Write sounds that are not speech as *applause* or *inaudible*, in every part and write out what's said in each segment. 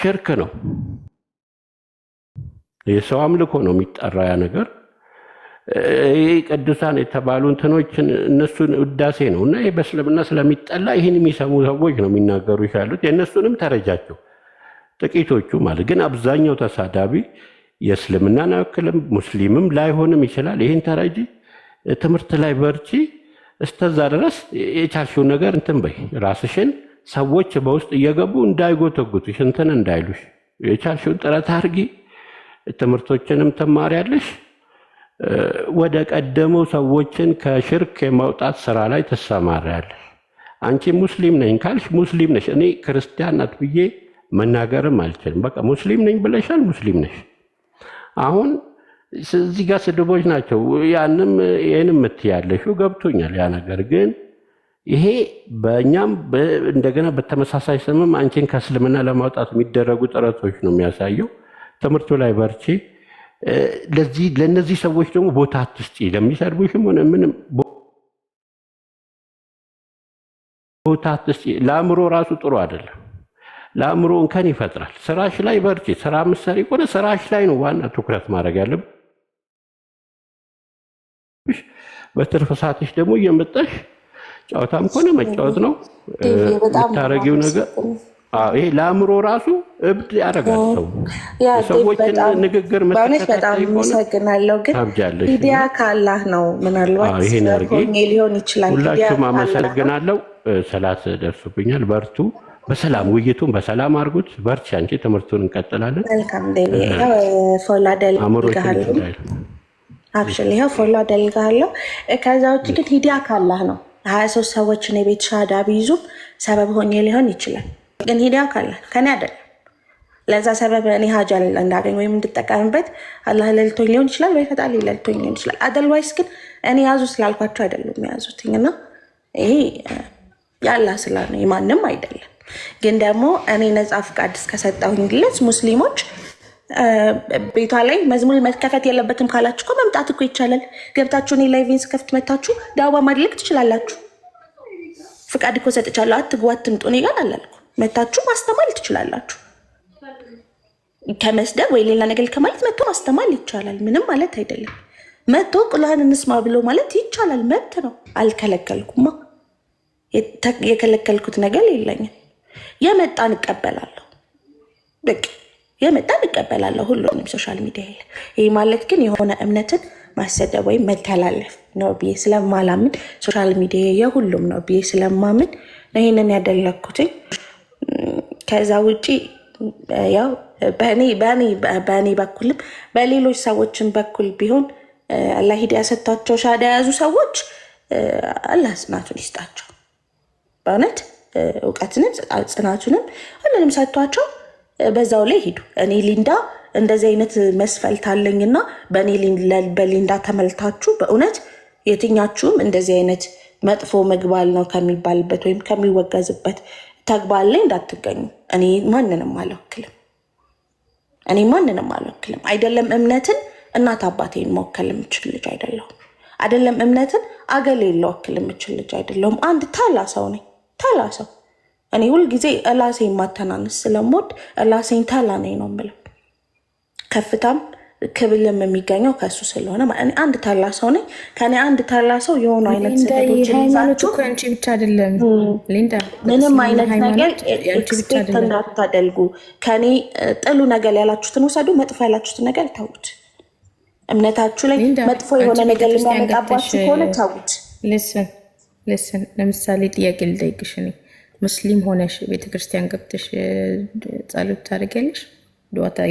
ሽርክ ነው። የሰው አምልኮ ነው የሚጠራ ያ ነገር። ይህ ቅዱሳን የተባሉ እንትኖችን እነሱን ውዳሴ ነው እና ይህ በእስልምና ስለሚጠላ ይህን የሚሰሙ ሰዎች ነው የሚናገሩ ይሻሉት። የእነሱንም ተረጃቸው ጥቂቶቹ ማለት ግን፣ አብዛኛው ተሳዳቢ የእስልምና አያክልም ሙስሊምም ላይሆንም ይችላል። ይህን ተረጂ ትምህርት ላይ በርቺ፣ እስከዛ ድረስ የቻልሽውን ነገር እንትን በይ ራስሽን ሰዎች በውስጥ እየገቡ እንዳይጎተጉትሽ ሽንትን እንዳይሉሽ የቻልሽውን ጥረት አርጊ። ትምህርቶችንም ትማሪያለሽ። ወደ ቀደሙ ሰዎችን ከሽርክ የማውጣት ስራ ላይ ትሰማሪያለሽ። አንቺ ሙስሊም ነኝ ካልሽ ሙስሊም ነሽ። እኔ ክርስቲያን ናት ብዬ መናገርም አልችልም። በቃ ሙስሊም ነኝ ብለሻል፣ ሙስሊም ነሽ። አሁን እዚህ ጋር ስድቦች ናቸው። ያንም ይህን የምትያለሹ ገብቶኛል። ያ ነገር ግን ይሄ በእኛም እንደገና በተመሳሳይ ስምም አንቺን ከእስልምና ለማውጣት የሚደረጉ ጥረቶች ነው የሚያሳየው። ትምህርቱ ላይ በርቺ። ለዚህ ለእነዚህ ሰዎች ደግሞ ቦታ አትስጪ። ለሚሰድቡሽም ሆነ ምንም ቦታ አትስጪ። ለአእምሮ ራሱ ጥሩ አይደለም። ለአእምሮ እንከን ይፈጥራል። ስራሽ ላይ በርቺ። ስራ ምሰሪ ከሆነ ስራሽ ላይ ነው ዋና ትኩረት ማድረግ ያለብሽ። በትርፍ ሰዓትሽ ደግሞ እየመጣሽ ጨዋታም ከሆነ መጫወት ነው የምታረጊው ነገር። ይሄ ለአእምሮ ራሱ እብድ ያደርጋል ሰው ሰዎችን ንግግር በጣም አመሰግናለሁ። ግን ሚዲያ ካላህ ነው ምናልባት ሊሆን ይችላል። ሁላችሁም አመሰግናለሁ። ሰላት ደርሱብኛል። በርቱ። በሰላም ውይይቱን በሰላም አድርጉት። በርቺ አንቺ ትምህርቱን እንቀጥላለን። መልካም ፎላ ደልጋለሁ። አብሽር ይኸው ፎላ ደልጋለሁ። ከዛ ውጭ ግን ሂዲያ ካላህ ነው ሀያ ሶስት ሰዎችን የቤት ሻዳ ቢይዙ ሰበብ ሆኜ ሊሆን ይችላል። ግን ሂዳያ ካለ ከኔ አይደለም ለዛ ሰበብ እኔ ሀጃ እንዳገኝ ወይም እንድጠቀምበት አላህ ለልቶኝ ሊሆን ይችላል፣ ወይ ፈጣሪ ለልቶኝ ሊሆን ይችላል። አደልዋይስ ግን እኔ ያዙ ስላልኳቸው አይደለም የያዙትኝ እና ይሄ ያላ ስላ ነው ማንም አይደለም። ግን ደግሞ እኔ ነጻ ፍቃድ እስከሰጠሁኝ ድረስ ሙስሊሞች ቤቷ ላይ መዝሙር መከፈት የለበትም ካላችሁ እኮ መምጣት እኮ ይቻላል። ገብታችሁ እኔ ላይቬን ከፍት መታችሁ ዳዋ ማድረግ ትችላላችሁ። ፍቃድ እኮ ሰጥቻለሁ። አትግቡ፣ አትምጡ እኔ ጋር አላልኩ። መታችሁ ማስተማል ትችላላችሁ። ከመስደብ ወይ ሌላ ነገር ከማለት መጥቶ ማስተማል ይቻላል። ምንም ማለት አይደለም። መጥቶ ቁልሃን እንስማ ብሎ ማለት ይቻላል። መብት ነው። አልከለከልኩማ። የከለከልኩት ነገር የለኝም። የመጣን እቀበላለሁ በቃ የመጣን እቀበላለሁ ሁሉንም ሶሻል ሚዲያ። ይህ ማለት ግን የሆነ እምነትን ማሰደብ ወይም መተላለፍ ነው ብዬ ስለማላምን ሶሻል ሚዲያ የሁሉም ነው ብዬ ስለማምን ነው ይህንን ያደረግኩትኝ። ከዛ ውጪ ያው በእኔ በኩልም በሌሎች ሰዎችን በኩል ቢሆን አላህ ሂዳያ ሰጥቷቸው ሻዳ የያዙ ሰዎች አላህ ጽናቱን ይስጣቸው። በእውነት እውቀትንም ጽናቱንም ሁሉንም ሰጥቷቸው በዛው ላይ ሄዱ እኔ ሊንዳ እንደዚህ አይነት መስፈልት አለኝና በእኔ በሊንዳ ተመልታችሁ በእውነት የትኛችሁም እንደዚህ አይነት መጥፎ ምግባል ነው ከሚባልበት ወይም ከሚወገዝበት ተግባር ላይ እንዳትገኙ። እኔ ማንንም አልወክልም። እኔ ማንንም አልወክልም። አይደለም እምነትን እናት አባቴን መወከል የምችል ልጅ አይደለሁም። አይደለም እምነትን አገሌን ልወክል የምችል ልጅ አይደለሁም። አንድ ታላ ሰው ነኝ። ታላ ሰው እኔ ሁልጊዜ እላሴ የማተናነስ ስለምወድ እላሴን ታላኔ ነው የምለው። ከፍታም ክብልም የሚገኘው ከእሱ ስለሆነ አንድ ታላ ሰው ነኝ። ከኔ አንድ ታላ ሰው የሆኑ አይነት ስቶችሃይማኖት ብቻ አይደለም፣ ምንም አይነት ነገር ኤክስፔክት እንዳታደልጉ። ከኔ ጥሉ ነገር ያላችሁትን ውሰዱ፣ መጥፎ ያላችሁትን ነገር ተዉት። እምነታችሁ ላይ መጥፎ የሆነ ነገር ልሚያመጣባችሁ ከሆነ ተዉት። ልስን ልስን ለምሳሌ ጥያቄ ልጠይቅሽ እኔ ሙስሊም ሆነሽ ቤተክርስቲያን ገብተሽ ጸሎት ታደርጊያለሽ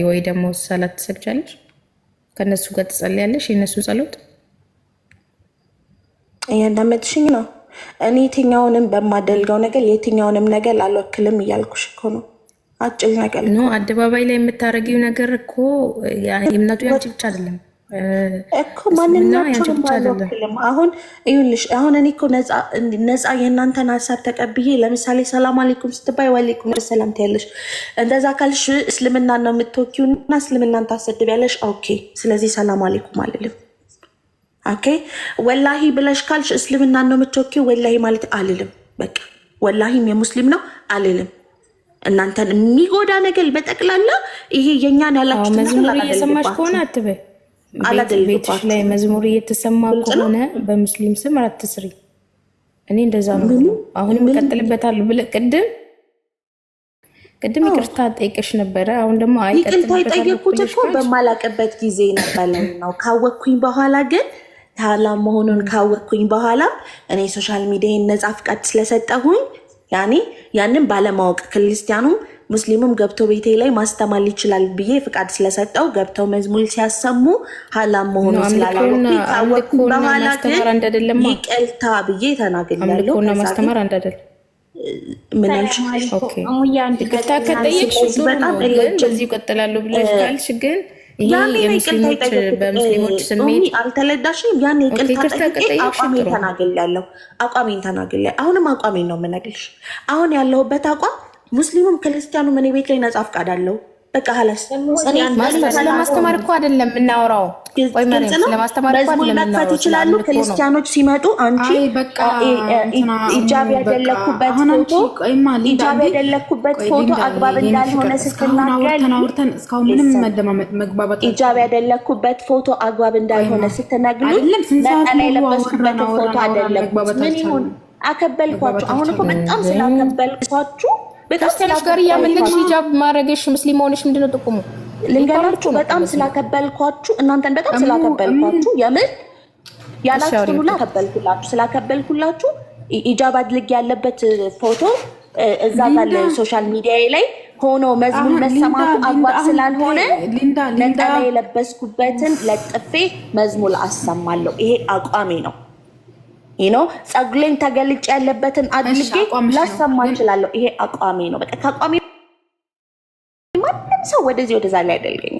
ወይ ደግሞ ሰላት ትሰግጃለሽ? ከእነሱ ጋር ትጸልያለሽ? የእነሱ ጸሎት እያዳመጥሽኝ ነው። እኔ የትኛውንም በማደልገው ነገር የትኛውንም ነገር አልወክልም እያልኩሽ እኮ ነው። አጭር ነገር ነው። አደባባይ ላይ የምታደርጊው ነገር እኮ እምነቱ ያንቺ ብቻ አይደለም። እኮ ማንናቸውም አልወክልም። አሁን ይኸውልሽ፣ አሁን እኔ እኮ ነፃ የእናንተን ሀሳብ ተቀብዬ ለምሳሌ ሰላም አሌይኩም ስትባይ ዋሌይኩም ሰላም ትያለሽ። እንደዛ ካልሽ እስልምና ነው የምትወኪው እና እስልምናን ታሰድቢያለሽ። ኦኬ፣ ስለዚህ ሰላም አልልም። ኦኬ፣ ወላሂ ብለሽ ካልሽ እስልምና ነው የምትወኪው ወላሂ ማለት አልልም። በቃ ወላሂም የሙስሊም ነው አልልም። እናንተን የሚጎዳ ነገር በጠቅላላ ይሄ የእኛን ያላችሁ መዝሙር እየሰማሽ ከሆነ አትበይ ቤትሽ ላይ መዝሙር እየተሰማ ከሆነ በሙስሊም ስም አትስሪ። እኔ እንደዛ ነው። አሁንም እቀጥልበታለሁ ብለህ ቅድም ቅድም ይቅርታ ጠይቀሽ ነበረ። አሁን ደግሞ ይቅርታ የጠየኩት እኮ በማላቅበት ጊዜ ነበር ነው ካወቅኩኝ በኋላ ግን ታላም መሆኑን ካወቅኩኝ በኋላ እኔ ሶሻል ሚዲያ ነጻ ፍቃድ ስለሰጠሁኝ ያኔ ያንን ባለማወቅ ክርስቲያኑም ሙስሊሙም ገብቶ ቤቴ ላይ ማስተማል ይችላል ብዬ ፍቃድ ስለሰጠው ገብተው መዝሙል ሲያሰሙ ሀላም መሆኑ ስላላወቁ በኋላ ግን ይቅልታ ብዬ ተናግሬያለሁ። ማስተማር አቋሜን አሁንም አቋሜን ነው የምነግርሽ። አሁን ያለሁበት አቋም ሙስሊሙም ክርስቲያኑ እኔ ቤት ላይ ነጻ ፍቃድ አለው። በቃ ሀላስ ስለማስተማር እኮ አይደለም የምናወራው፣ መክፈት ይችላሉ። ክርስቲያኖች ሲመጡ አንቺ ኢጃብ ያደለኩበት ፎቶ አግባብ እንዳልሆነ ስትናገሪ፣ ኢጃብ ያደለኩበት ፎቶ አግባብ እንዳልሆነ ስትነግሉ ነጠላ የለበስኩበት ፎቶ አይደለም። ምን ይሁን አከበልኳችሁ። አሁን እኮ በጣም ስላከበልኳችሁ በጣም ስላገር ያመለክሽ ሂጃብ ማድረግሽ ሙስሊም ሆነሽ ምንድነው ጥቁሙ? ልንገራችሁ በጣም ስላከበልኳችሁ እናንተን በጣም ስላከበልኳችሁ የምር ያላችሁ ሁላ ከበልኩላችሁ ስላከበልኩላችሁ ሂጃብ አድልግ ያለበት ፎቶ እዛ ባለ ሶሻል ሚዲያ ላይ ሆኖ መዝሙር መሰማቱ አግባብ ስላልሆነ ነጠላ የለበስኩበትን ለጥፌ መዝሙር አሰማለሁ። ይሄ አቋሜ ነው። ይኖ ጸጉሌን ተገልጭ ያለበትን አድርጌ ላሰማ እችላለሁ። ይሄ አቋሜ ነው። በቃ ከአቋሜ ማንም ሰው ወደዚህ ወደዛ ላይ ያደልገኝ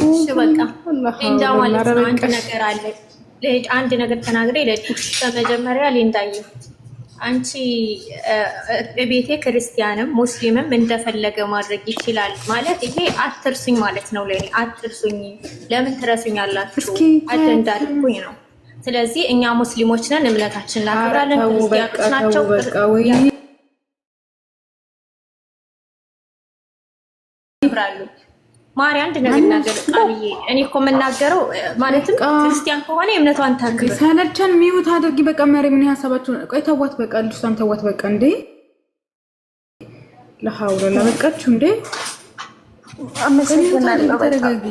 ሊንዳ ማለት ነው አንድ ነገር አለ። አንድ ነገር ተናግሬ ለ በመጀመሪያ ሊንዳዬ አንቺ ቤቴ ክርስቲያንም ሙስሊምም እንደፈለገ ማድረግ ይችላል ማለት ይሄ አትርሱኝ ማለት ነው። ለእኔ አትርሱኝ፣ ለምን ትረሱኝ አላችሁ አጀንዳ ነው ስለዚህ እኛ ሙስሊሞች ነን፣ እምነታችን እናከብራለን። ክርስቲያኖች ናቸው። ማሪ አንድ ነገር እናገር እኔ እኮ የምናገረው ማለትም ክርስቲያን ከሆነ ሰለቸን። አድርጊ በቃ መሪ ምን ቆይ ተዋት በቃ ተዋት በቃ እንዴ እንዴ ተረጋጊ።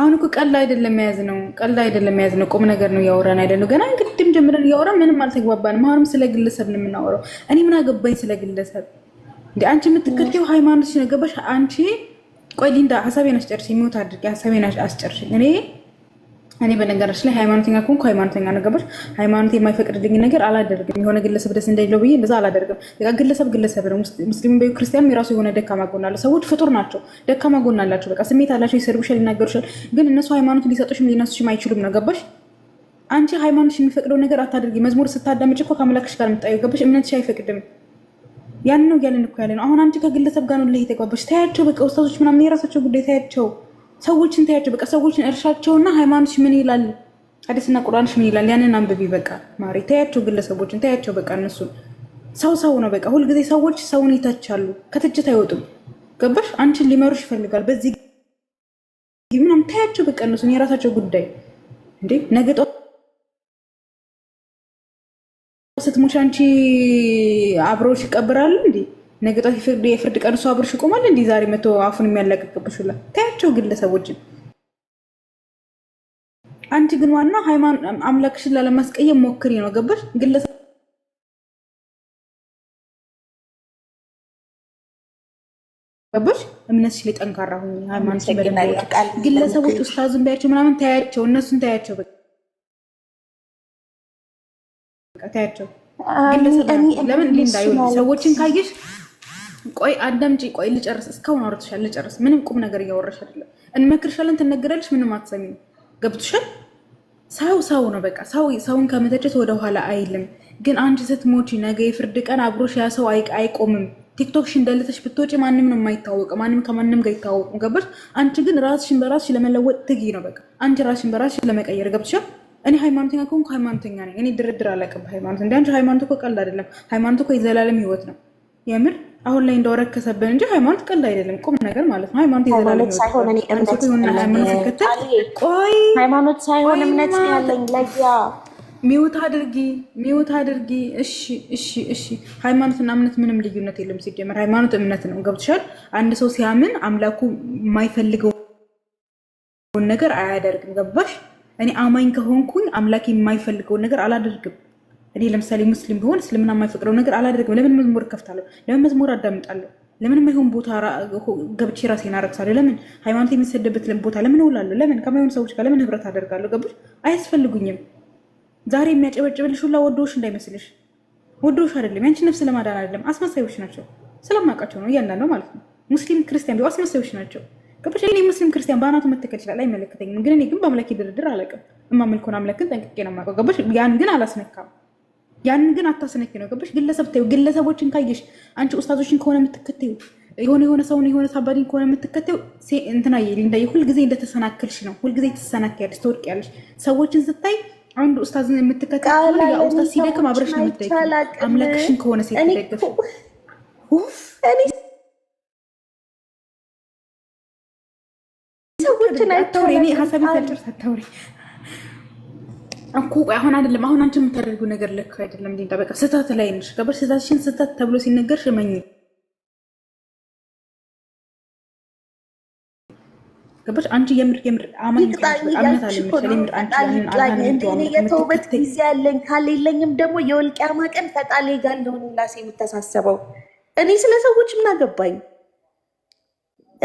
አሁን እኮ ቀልድ አይደለም መያዝ ነው፣ ቀልድ አይደለም መያዝ ነው። ቁም ነገር ነው እያወራን አይደል ነው። ገና ቅድም ጀምረን እያወራን ምንም አልተግባባንም። አሁንም ስለ ግለሰብ ነው የምናወራው። እኔ ምን አገባኝ ስለ ግለሰብ? እንደ አንቺ የምትከተው ሃይማኖት ሲነገባሽ አንቺ ቆይ ሊንዳ ሀሳቤን አስጨርሽ፣ የሚወት አድርጌ ሀሳቤን አስጨርሽ እኔ እኔ በነገራችን ላይ ሃይማኖተኛ ከሆንኩ ሃይማኖተኛ ነገሮች ሃይማኖት የማይፈቅድልኝ ነገር አላደርግም። የሆነ ግለሰብ ደስ እንደሌለው ብዬ እንደዛ አላደርግም። ግለሰብ ግለሰብ ነው። ሙስሊም ክርስቲያን የራሱ የሆነ ደካማ ጎን አለ። ሰዎች ፍጡር ናቸው፣ ደካማ ጎን አላቸው። በቃ ስሜት አላቸው። ይሰርቡሻል፣ ይናገሩሻል። ግን እነሱ ሃይማኖት ሊሰጡሽም ሊነሱሽም አይችሉም። ነው ገባሽ? አንቺ ሃይማኖት የሚፈቅደው ነገር አታደርጊ። መዝሙር ስታዳምጭ እኮ ከአምላክሽ ጋር የምታየው ገባሽ? እምነትሽ አይፈቅድም። ያን ነው እያለን እኮ ያለ ነው። አሁን አንቺ ከግለሰብ ጋር ነው ለይ የተግባባሽ። ተያቸው፣ በቃ ውስታቶች ምናምን የራሳቸው ጉዳይ ተያቸው። ሰዎችን ታያቸው። በቃ ሰዎችን እርሻቸውና ሃይማኖት ምን ይላል፣ ሐዲስና ቁርአንሽ ምን ይላል፣ ያንን አንብቢ። በቃ ማሪ ታያቸው፣ ግለሰቦችን ታያቸው። በቃ እነሱ ሰው ሰው ነው። በቃ ሁልጊዜ ሰዎች ሰውን ይተቻሉ፣ ከትችት አይወጡም። ገባሽ? አንቺን ሊመሩሽ ይፈልጋል። በዚህ ምናምን ታያቸው። በቃ እነሱን የራሳቸው ጉዳይ እንዴ ነገ ስትሞች አንቺ አብረውሽ ይቀብራሉ እንዴ? ነገ ጧት የፍርድ ቀን እሱ አብርሽ ይቆማል። እንዲህ ዛሬ መቶ አፉን የሚያለቀቅብሽ ሁላ ታያቸው ግለሰቦችን። አንቺ ግን ዋና አምላክሽን ላለማስቀየም ሞክሪ ነው። ገባሽ ግለሰብ ገባሽ እምነትሽ ላይ ጠንካራ ሁኚ። ሃይማኖት ግለሰቦች ኡስታዝን ቢያቸው ምናምን ታያቸው፣ እነሱን ታያቸው፣ በቃ ታያቸው። ለምን ሰዎችን ካየሽ ቆይ አዳምጪ፣ ቆይ ልጨርስ። እስካሁን አውርተሻል፣ ልጨርስ። ምንም ቁም ነገር እያወራሽ አይደለም። እንመክርሻለን፣ ትነገራለሽ፣ ምንም አትሰሚ። ገብቶሻል? ሰው ሰው ነው በቃ። ሰው ሰውን ከመተቸት ወደኋላ አይልም። ግን አንቺ ስትሞቺ ነገ የፍርድ ቀን አብሮሽ ያ ሰው አይቆምም። ቲክቶክሽ እንደልተሽ ብትወጪ ማንም ነው የማይታወቅ፣ ማንም ከማንም ጋር ይታወቁ። ገባሽ? አንቺ ግን ራስሽን በራስሽ ለመለወጥ ትጊ ነው በቃ። አንቺ ራስሽን በራስሽ ለመቀየር ገብቶሻል? እኔ ሃይማኖተኛ ከሆንኩ ሃይማኖተኛ ነኝ። እኔ ድርድር አላውቅም ሃይማኖት እንደ አንቺ ሃይማኖት እኮ ቀልድ አይደለም። ሃይማኖት እኮ የዘላለም ህይወት ነው። የምር አሁን ላይ እንደወረከሰብን እንጂ ሃይማኖት ቀልድ አይደለም፣ ቁም ነገር ማለት ነው። ሃይማኖት ሃይማኖት ሳይሆን እኔ እምነት ቆይ ሃይማኖት ሳይሆን እምነት ያለኝ ለያ ሚውት አድርጊ፣ ሚውት አድርጊ። እሺ፣ እሺ፣ እሺ። ሃይማኖትና እምነት ምንም ልዩነት የለም። ሲጀመር ሃይማኖት እምነት ነው። ገብቶሻል? አንድ ሰው ሲያምን አምላኩ የማይፈልገውን ነገር አያደርግም። ገባሽ? እኔ አማኝ ከሆንኩኝ አምላክ የማይፈልገውን ነገር አላደርግም። እኔ ለምሳሌ ሙስሊም ቢሆን እስልምና የማይፈቅደው ነገር አላደርግም። ለምን መዝሙር እከፍታለሁ? ለምን መዝሙር አዳምጣለሁ? ለምን የማይሆን ቦታ ገብቼ ራሴን አረግሳለሁ? ለምን ሃይማኖት የሚሰደበት ቦታ ለምን እውላለሁ? ለምን ከማይሆን ሰዎች ጋር ለምን ህብረት አደርጋለሁ? ገቡሽ? አያስፈልጉኝም። ዛሬ የሚያጨበጭብልሽ ሁላ ወዶሽ እንዳይመስልሽ። ወዶሽ አይደለም፣ ያንቺ ነፍስ ለማዳን አይደለም። አስመሳዮች ናቸው። ስለማውቃቸው ነው እያንዳንዱ ማለት ነው። ሙስሊም ክርስቲያን ቢሆን አስመሳዮች ናቸው። ገባሽ? እኔ ሙስሊም ክርስቲያን በአናቱ መተከል ይችላል፣ አይመለከተኝም። ግን እኔ ግን በአምላኬ ድርድር አላውቅም። እማመልኮን አምላክን ጠንቅቄ ነው የማውቀው። ገባሽ? ያን ግን አላስነካም። ያንን ግን አታስነኪ ነው። ገባሽ? ግለሰብ ታዩ ግለሰቦችን ካየሽ አንቺ ኡስታዞችን ከሆነ የምትከተዩ የሆነ የሆነ ሰውን የሆነ ሳባዲን ከሆነ የምትከተዩ እንትና እንዳየ ሁልጊዜ እንደተሰናክልሽ ነው። ሁልጊዜ ትሰናክያለሽ፣ ትወድቅያለሽ። ሰዎችን ስታይ አንድ ኡስታዝን የምትከተል ያ ኡስታዝ ሲደክም አብረሽ ነው የምትደግፍ። አምላክሽን ከሆነ ሴት ትደግፍ ሰዎችን አይተውሬ ሀሳቤ ተልጨርስ አታውሪ እኮ አሁን አይደለም አሁን አንቺ የምታደርጉ ነገር ልክ አይደለም። ዲንታ በቃ ስህተት ላይ ነሽ። ገበር ስህተትሽን ስህተት ተብሎ ሲነገር ሽመኝ ገበር አንቺ የምር የምር አማኝ የተውበት ጊዜ ያለኝ ካሌለኝም ደግሞ የወልቂያማ ቀን ፈጣሌ ጋር እንደሆነ ላሴ የምተሳሰበው እኔ ስለ ሰዎች ምን አገባኝ?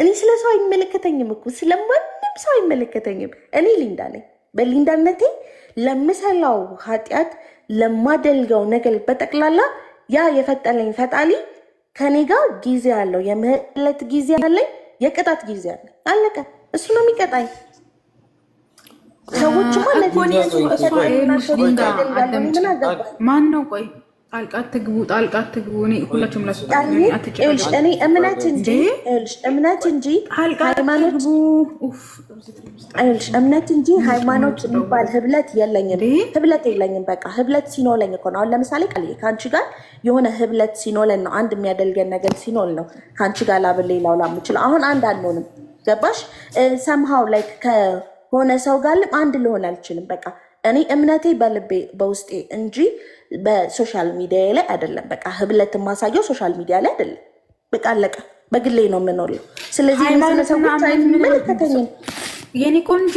እኔ ስለ ሰው አይመለከተኝም እኮ ስለማንም ሰው አይመለከተኝም። እኔ ሊንዳ ነኝ። በሊንዳነቴ ለምሰላው ኃጢአት ለማደልገው ነገር በጠቅላላ ያ የፈጠለኝ ፈጣሪ ከኔ ጋር ጊዜ አለው። የምህለት ጊዜ አለኝ፣ የቅጣት ጊዜ አለ። አለቀ። እሱ ነው የሚቀጣኝ። ሰዎች ማለት ማን ነው? ቆይ ጣልቃ ትግቡ ጣልቃ ትግቡ። እኔ ሁላችሁም እኔ እምነት እንጂ እምነት እንጂ ሃይማኖት እምነት እንጂ ሃይማኖት የሚባል ህብለት የለኝም፣ ህብለት የለኝም። በቃ ህብለት ሲኖለኝ እኮ ነው። አሁን ለምሳሌ ከአንቺ ጋር የሆነ ህብለት ሲኖለን ነው አንድ የሚያደልገን ነገር ሲኖል ነው ከአንቺ ጋር ሌላው አሁን አንድ ገባሽ? ሰምሃው ላይ ከሆነ ሰው ጋርም አንድ ልሆን አልችልም። በቃ እኔ እምነቴ በልቤ በውስጤ እንጂ በሶሻል ሚዲያ ላይ አይደለም። በቃ ህብለት የማሳየው ሶሻል ሚዲያ ላይ አይደለም። በቃ አለቀ። በግሌ ነው የምኖረው። ስለዚህ አይመለከተኝም። የኔ ቆንጆ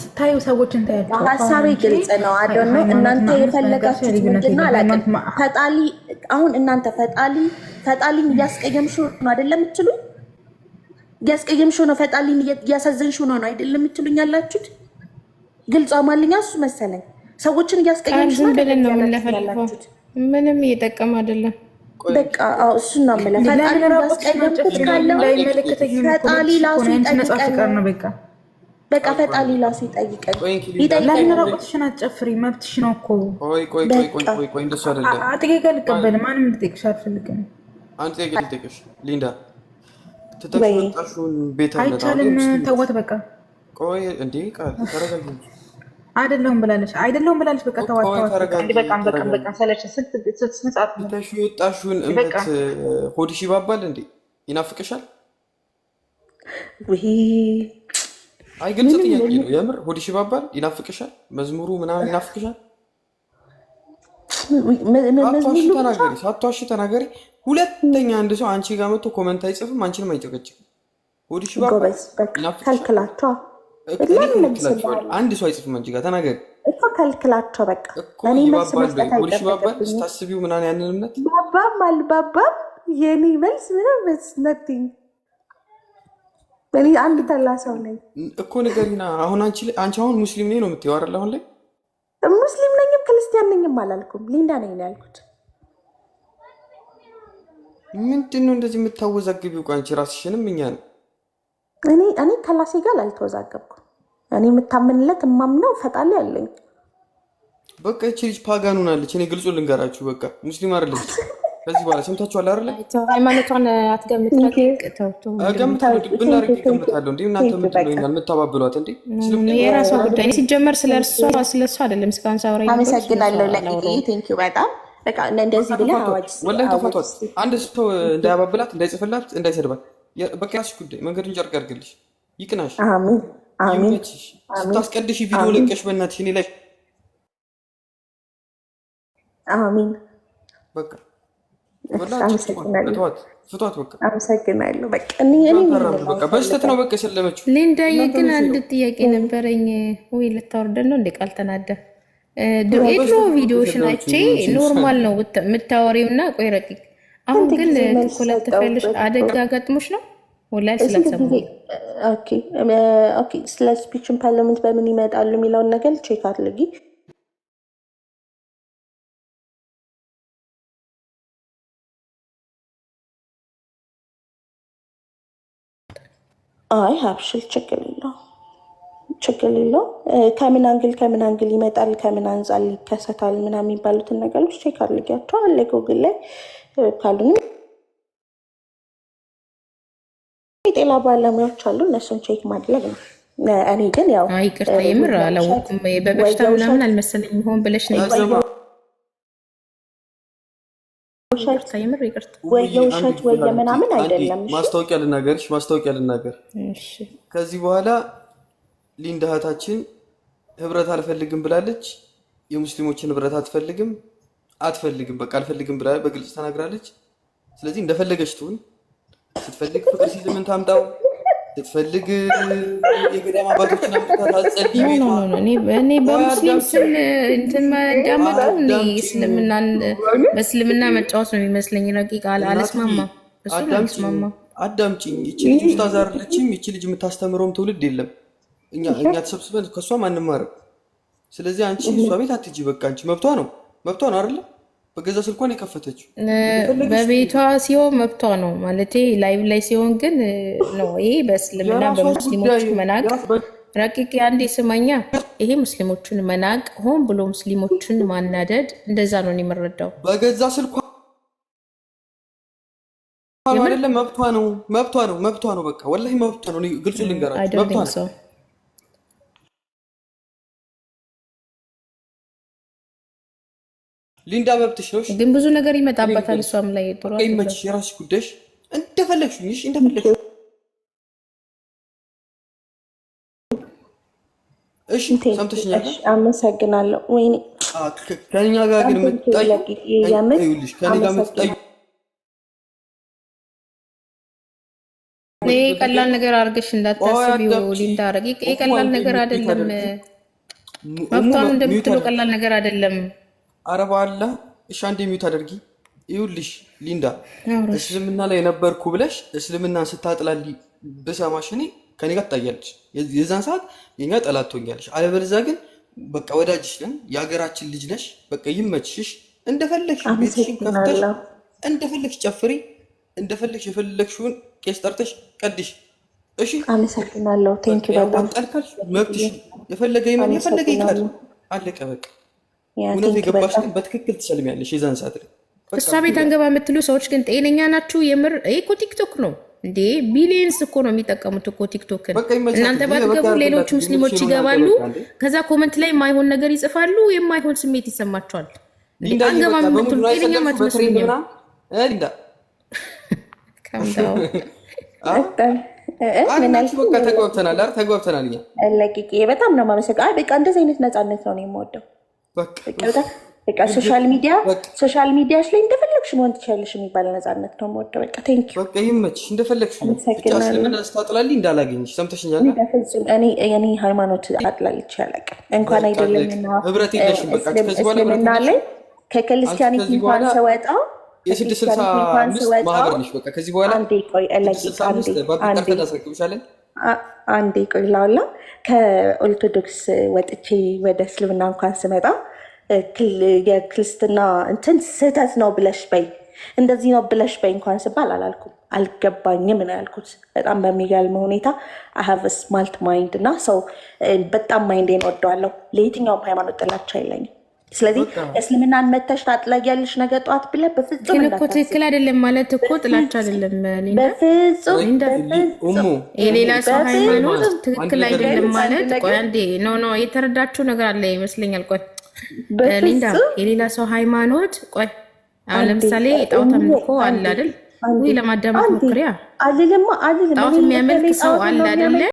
ስታዩ ሰዎችን ታያቸው። ሀሳቤ ግልጽ ነው። አደነ እናንተ የፈለጋችሁት ምንድን ነው አላውቅም። ፈጣሊ አሁን እናንተ ፈጣሊ ፈጣሊን እያስቀየምሽው ነው አይደለም የምትሉኝ? እያስቀየምሽው ነው ፈጣሊን እያሳዘንሽው ነው ነው አይደለም የምትሉኝ ያላችሁት? ግልጽ አማልኛ እሱ መሰለኝ ሰዎችን እያስቀየምሽ ምንም እየጠቀም አይደለም። በቃ እሱ ነው ፈጣሪ ያስቀየምኩት ካለው በቃ ፈጣሪ ላሱ ይጠይቀኝ። ለምን ራቁትሽን አትጨፍሪ? መብትሽ ነው እኮ። አልቀበልም። ማንም አልፈልግም። አንድ ጥያቄ ልጠይቅሽ ሊንዳ፣ ተጠቅሽ ቤት አይቻልም። ተወት በቃ ቆይ እንዴ ቃል ተረጋግኝ አይደለሁም ብላለች፣ አይደለሁም ብላለች። በቃ ተዋተዋት በቃም በቃም የወጣሽውን? እምነት ሆድሽ ይባባል እንዴ? ይናፍቅሻል? አይ ግልጽ ጥያቄ ነው የምር። ሆድሽ ይባባል? ይናፍቅሻል? መዝሙሩ ምናምን ይናፍቅሻል? ተናገሪ፣ ሳትዋሺ ተናገሪ። ሁለተኛ አንድ ሰው አንቺ ጋር መጥቶ ኮመንት አይጽፍም፣ አንቺንም አይጨቀጭም። ሆድሽ ይባባል? ይናፍቅሻል አንድ ሰው አይጽፍም አንቺ ጋር ተናገር እኮ ከልክላቸው በቃ እኔ መልስ መስጠት አይጠበቅብኝም። ታስቢው ምናምን ያንን እምነት ባባም አልባባም የኔ መልስ ምንም መስነትኝ እኔ አንድ ተላ ሰው ነኝ እኮ ንገሪና። አሁን አንቺ አንቺ አሁን ሙስሊም ነኝ ነው የምትይው አይደል? አሁን ላይ ሙስሊም ነኝም ክርስቲያን ነኝም አላልኩም። ሊንዳ ነኝ ነው ያልኩት። ምንድን ነው እንደዚህ የምታወዛግቢው? አንቺ ራስሽንም እኛ ነው እኔ እኔ ከላሴ ጋር አልተወዛገብኩም። እኔ የምታምንለት እማምነው ፈጣሌ አለኝ። በቃ ይቺ ልጅ ፓጋን ሆናለች። እኔ ግልጹ ልንገራችሁ፣ በቃ ሙስሊም አይደለች። ከዚህ በኋላ ሰምታችኋል አይደለ? ሃይማኖቷን አትገምትገምታለሁ እንዲ እናንተ ምትለኛል የምታባብሏት እንዲ የራሷ ጉዳይ ሲጀመር ስለ እርሷ ስለ እሷ አይደለም። እስካሁን ሳውራ አመሰግናለሁ። ለጊዜ በጣም በቃ እንደዚህ አዋጅ ወላሂ ተፋቷት። አንድ ሰው እንዳያባብላት፣ እንዳይጽፍላት፣ እንዳይሰድባት በቃ ያስሽ ጉዳይ መንገድን ጨርቅ ያድርግልሽ፣ ይቅናሽ፣ ስታስቀድሽ ቪዲዮ ለቀሽ በእናትሽ እኔ ላይ አሚን። በቃ አመሰግናለሁ። በስተት ነው በቃ የሰለመችው። ሊንዳዬ ግን አንድ ጥያቄ ነበረኝ። ወይ ልታወርደ ነው እንደ ቃል ተናደ የድሮ ቪዲዮዎች ናቼ ኖርማል ነው የምታወሪው እና ቆይ ረቂቅ አሁን ግን ትኩረት ትፈልሽ አደጋ ገጥሞች ነው ወላሂ ስለ ስፒች ፓርላመንት በምን ይመጣሉ የሚለውን ነገር ቼክ አድርጊ። አይ ሀብሽል ችግር የለው ችግር የለው። ከምን አንግል ከምን አንግል ይመጣል ከምን አንጻር ይከሰታል ምናምን የሚባሉትን ነገሮች ቼክ አድርጊያቸው አለ ጎግል ላይ ካሉንም የጤና ባለሙያዎች አሉ፣ እነሱን ቼክ ማድረግ ነው። እኔ ግን ያው ይቅርታ የምር አላወኩም። በበሽታ ምናምን አልመሰለኝ ሆን ብለሽ ነው የምር ይቅርታ። ምናምን አይደለም። ማስታወቂያ ልናገር፣ ማስታወቂያ ልናገር። ከዚህ በኋላ ሊንዳ እህታችን ህብረት አልፈልግም ብላለች። የሙስሊሞችን ህብረት አትፈልግም። አትፈልግም፣ በቃ አልፈልግም ብላ በግልጽ ተናግራለች። ስለዚህ እንደፈለገች ትሁን። ስትፈልግ ፍቅር ሲል ምን ታምጣው፣ ስትፈልግ የገዳም አባቶችን እኔ በሙስሊም ስም እንትን መዳመጡ በእስልምና መጫወት ነው የሚመስለኝ። ረቂቅ አልስማማም፣ እሱን አልስማማም። አዳምጪኝ። ይቺ ልጅ ውስጥ አዛርለችም። ይቺ ልጅ የምታስተምረውም ትውልድ የለም። እኛ እኛ ተሰብስበን ከእሷ አንማርም። ስለዚህ አንቺ እሷ ቤት አትጂ፣ በቃ አንቺ መብቷ ነው። መብቷ ነው አይደለ? በገዛ ስልኳን የከፈተችው በቤቷ ሲሆን መብቷ ነው ማለት ላይቭ ላይ ሲሆን ግን ነው። ይሄ በእስልምና በሙስሊሞች መናቅ ረቂቅ የአንድ ስማኛ ይሄ ሙስሊሞችን መናቅ ሆን ብሎ ሙስሊሞችን ማናደድ እንደዛ ነው የምረዳው። በገዛ ስልኳ አይደለም መብቷ ነው፣ መብቷ ነው፣ መብቷ ነው። በቃ ወላሂ መብቷ ነው። ግልጹ ልንገራቸው መብቷ ነው። ሊንዳ መብትሽ ነው፣ ግን ብዙ ነገር ይመጣበታል። እሷም ላይ ጥሩ ይመችሽ፣ የራስሽ ጉዳይሽ፣ እንደፈለግሽ እንደፈለግሽ። እሺ ሰምተሽኛል፣ አመሰግናለሁ። ወይኔ ከኛ ጋር ግን ምትጣይልሽ ከኔ ጋር ምትጣይ ይሄ ቀላል ነገር አድርገሽ እንዳታስቢው ሊንዳ፣ አረግ ይሄ ቀላል ነገር አይደለም። መብቷን እንደምትለው ቀላል ነገር አይደለም። አረባ አለ እሺ፣ አንዴ ሚዩት አድርጊ። ይኸውልሽ ሊንዳ፣ እስልምና ላይ ነበርኩ ብለሽ እስልምናን ስታጥላሊ ብሰማሽ እኔ ከኔ ጋር ትታያለሽ። የዛን ሰዓት የኛ ጠላት ትሆኛለሽ። አለበለዚያ ግን በቃ ወዳጅሽ ነን፣ የሀገራችን ልጅ ነሽ። በቃ ይመችሽ፣ እንደፈለግሽ ቤትሽን ከፍተሽ እንደፈለግሽ ጨፍሪ፣ እንደፈለግሽ የፈለግሽውን ቄስ ጠርተሽ ቀድሽ። እሺ፣ አመሰግናለሁ። ቴንክ ቴንኪው በጣም መብትሽ። የፈለገ ይመን የፈለገ ይቀር፣ አለቀ በቃ። እውነት የገባሽ ግን በትክክል ትሰልሚያለሽ የዛን ሰዓት ላይ እሷ ቤት አንገባ የምትሉ ሰዎች ግን ጤነኛ ናችሁ? የምር እኮ ቲክቶክ ነው እንዴ? ቢሊየንስ እኮ ነው የሚጠቀሙት እኮ ቲክቶክን። እናንተ ባትገቡ ሌሎች ሙስሊሞች ይገባሉ። ከዛ ኮመንት ላይ የማይሆን ነገር ይጽፋሉ። የማይሆን ስሜት ይሰማቸዋል። አንገባ የምትሉ ጤነኛ ማትመስሉኝም። *laughs* ተግባብተናል። ለቂቄ በጣም ነው ማመሰግ። በቃ እንደዚህ አይነት ነፃነት ነው የምወደው በቃ ሶሻል ሚዲያ ሶሻል ሚዲያዎች ላይ እንደፈለግሽ መሆን ትችላለሽ የሚባል ነፃነት ነው ወደ በቃ ቴንክ ዩ በቃ ይመችሽ፣ እንደፈለግሽ ስለምን ስታጥላልኝ እንዳላገኝሽ ሰምተሽኛል። እኔ ሃይማኖት አጥላልቼ አላውቅም። እንኳን አይደለም ህብረት የለሽም። በቃ ከዚህ በኋላ ከክርስቲያኒቲ እንኳን ሰወጣ የስድስት ስልሳ አምስት ማህበር ነሽ። በቃ ከዚህ በኋላ አንዴ ቆይ፣ አንዴ ቆይ ላውላ ከኦርቶዶክስ ወጥቼ ወደ እስልምና እንኳን ስመጣ የክርስትና እንትን ስህተት ነው ብለሽ በይ እንደዚህ ነው ብለሽ በይ እንኳን ስባል አላልኩም። አልገባኝም ነው ያልኩት። በጣም በሚገርም ሁኔታ አሀብ ስማልት ማይንድ እና ሰው በጣም ማይንዴን ወደዋለሁ። ለየትኛውም ሃይማኖት ጥላቻ የለኝም። ስለዚህ እስልምናን መተሽ ታጥላጊያለሽ ነገ ጠዋት ብለህ በፍጹም ግን እኮ ትክክል አይደለም ማለት እኮ ጥላቻ አይደለም። በፍጹም የሌላ ሰው ሃይማኖት ትክክል አይደለም ማለት ቆይ አንዴ፣ ኖ ኖ የተረዳችው ነገር አለ ይመስለኛል። ቆይ ሊንዳ የሌላ ሰው ሃይማኖት ቆይ አሁን ለምሳሌ ጣዖት አምልኮ አለ አይደል? ወይ ለማዳመጥ ሞክሪያ አልልማ አልልም ጣዖት የሚያመልክ ሰው አለ አይደለ?